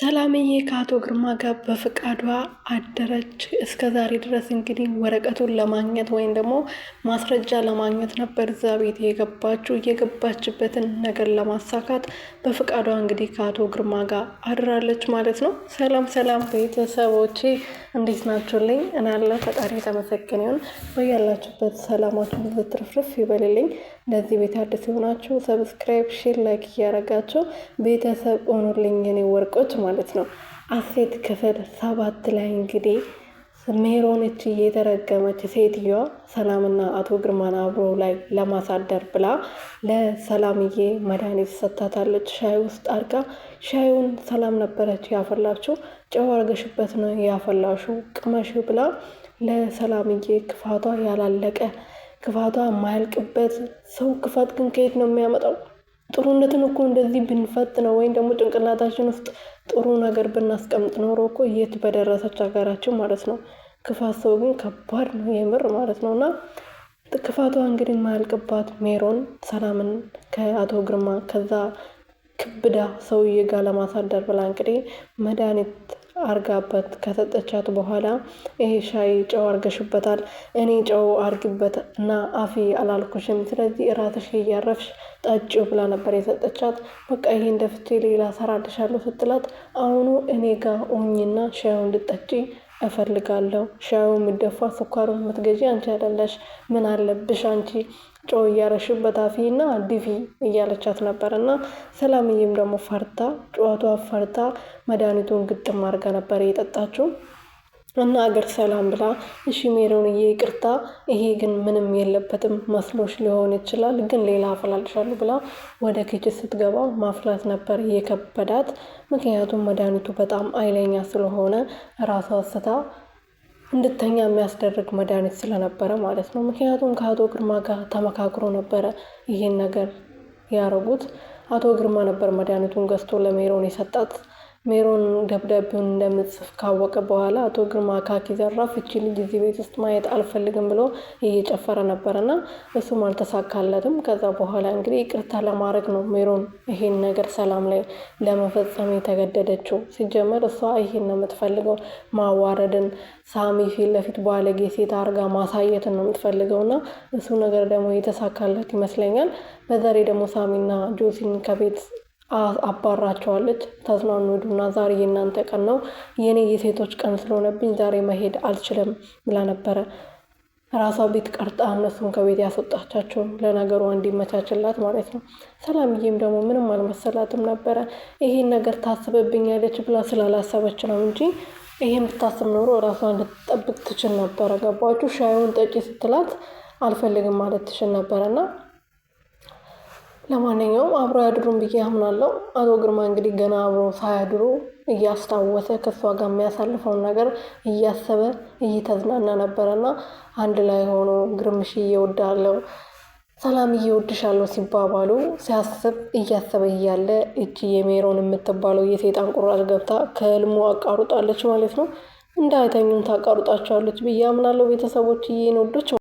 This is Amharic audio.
ሰላምዬ ከአቶ ግርማ ጋር በፍቃዷ አደረች። እስከ ዛሬ ድረስ እንግዲህ ወረቀቱን ለማግኘት ወይም ደግሞ ማስረጃ ለማግኘት ነበር እዛ ቤት የገባችው። የገባችበትን ነገር ለማሳካት በፍቃዷ እንግዲህ ከአቶ ግርማ ጋር አድራለች ማለት ነው። ሰላም ሰላም ቤተሰቦቼ እንዴት ናችሁልኝ? እናለ ፈጣሪ የተመሰገነ ይሁን። በያላችሁበት ሰላማችሁ ብዙ ትርፍርፍ ይበልልኝ። እንደዚህ ቤት አዲስ የሆናችሁ ሰብስክራይብ፣ ሼር፣ ላይክ እያረጋችሁ ቤተሰብ ሆኑልኝ የኔ ወርቆች ማለት ማለት ነው። አሴት ክፍል ሰባት ላይ እንግዲህ ሜሮንች የተረገመች ሴትዮዋ ሰላምና አቶ ግርማን አብሮ ላይ ለማሳደር ብላ ለሰላምዬ መድኃኒት ሰታታለች። ሻይ ውስጥ አድርጋ ሻዩን ሰላም ነበረች ያፈላችው። ጨው አርገሽበት ነው ያፈላሹ ቅመሽ ብላ ለሰላምዬ ክፋቷ ያላለቀ ክፋቷ የማያልቅበት ሰው ክፋት ግን ከየት ነው የሚያመጣው? ጥሩነትን እኮ እንደዚህ ብንፈጥ ነው ወይም ደግሞ ጭንቅላታችን ውስጥ ጥሩ ነገር ብናስቀምጥ ኖሮ እኮ የት በደረሰች ሀገራችን ማለት ነው። ክፋት ሰው ግን ከባድ ነው የምር ማለት ነው እና ክፋቷ እንግዲህ ማያልቅባት ሜሮን ሰላምን ከአቶ ግርማ ከዛ ክብዳ ሰውዬ ጋር ለማሳደር ብላ እንግዲህ መድኃኒት አርጋበት ከሰጠቻት በኋላ ይሄ ሻይ ጨው አርገሽበታል፣ እኔ ጨው አርግበት እና አፊ አላልኩሽም፣ ስለዚህ እራትሽ እያረፍሽ ጠጪው ብላ ነበር የሰጠቻት። በቃ ይሄ እንደ ሌላ ሌላ ሰራልሻለሁ ስትላት፣ አሁኑ እኔ ጋር ኦኝና ሻዩ እንድጠጪ እፈልጋለሁ። ሻዩ የሚደፋ ስኳሩ የምትገዢ አንቺ አይደለሽ፣ ምን አለብሽ አንቺ ጮ እያረሽበት አፊ እና ዲቪ እያለቻት ነበር። እና ሰላምዬም ደግሞ ፈርታ ጨዋቷ ፈርታ መድኃኒቱን ግጥም አድርጋ ነበር የጠጣችው። እና ሰላም ብላ እሺ ሜሮንዬ ይቅርታ፣ ይሄ ግን ምንም የለበትም መስሎሽ ሊሆን ይችላል፣ ግን ሌላ አፈላልሻለሁ ብላ ወደ ክች ስትገባ ማፍላት ነበር የከበዳት። ምክንያቱም መድኃኒቱ በጣም አይለኛ ስለሆነ ራሷ ስታ እንድተኛ የሚያስደርግ መድኃኒት ስለነበረ ማለት ነው። ምክንያቱም ከአቶ ግርማ ጋር ተመካክሮ ነበረ ይሄን ነገር ያረጉት። አቶ ግርማ ነበር መድኃኒቱን ገዝቶ ለሜሮን የሰጣት። ሜሮን ደብዳቤውን እንደምጽፍ ካወቀ በኋላ አቶ ግርማ ካኪ ዘራ ፍቺ ልጅ እዚህ ቤት ውስጥ ማየት አልፈልግም ብሎ እየጨፈረ ነበረና እሱም አልተሳካለትም። ከዛ በኋላ እንግዲህ ይቅርታ ለማድረግ ነው ሜሮን ይሄን ነገር ሰላም ላይ ለመፈጸም የተገደደችው። ሲጀመር እሷ ይሄን ነው የምትፈልገው፣ ማዋረድን፣ ሳሚ ፊት ለፊት ባለጌ ሴት አርጋ ማሳየትን ነው የምትፈልገው እና እሱ ነገር ደግሞ የተሳካለት ይመስለኛል። በዛሬ ደግሞ ሳሚና ጆሲን ከቤት አባራቸዋለች። ተዝናኑ ሂዱና ዛሬ የእናንተ ቀን ነው፣ የእኔ የሴቶች ቀን ስለሆነብኝ ዛሬ መሄድ አልችልም ብላ ነበረ። ራሷ ቤት ቀርጣ እነሱን ከቤት ያስወጣቻቸው ለነገሯ እንዲመቻችላት ማለት ነው። ሰላምዬም ደግሞ ምንም አልመሰላትም ነበረ። ይሄን ነገር ታስብብኛለች ብላ ስላላሰበች ነው እንጂ ይሄን ብታስብ ኖሮ ራሷን ልትጠብቅ ትችል ነበረ። ገባችሁ? ሻዩን ጠጪ ስትላት አልፈልግም ማለት ትችል ነበረና ለማንኛውም አብሮ ያድሩን ብዬ አምናለሁ። አቶ ግርማ እንግዲህ ገና አብሮ ሳያድሩ እያስታወሰ ከእሷ ጋር የሚያሳልፈውን ነገር እያሰበ እየተዝናና ነበረና አንድ ላይ ሆኖ ግርምሽ እየወዳለው ሰላም እየወድሻለሁ ሲባባሉ ሲያስብ እያሰበ እያለ እጅ የሜሮን የምትባለው የሴጣን ቁራጭ ገብታ ከህልሙ አቃሩጣለች ማለት ነው። እንዳይተኙም ታቃሩጣቸዋለች ብዬ አምናለሁ። ቤተሰቦች ይህን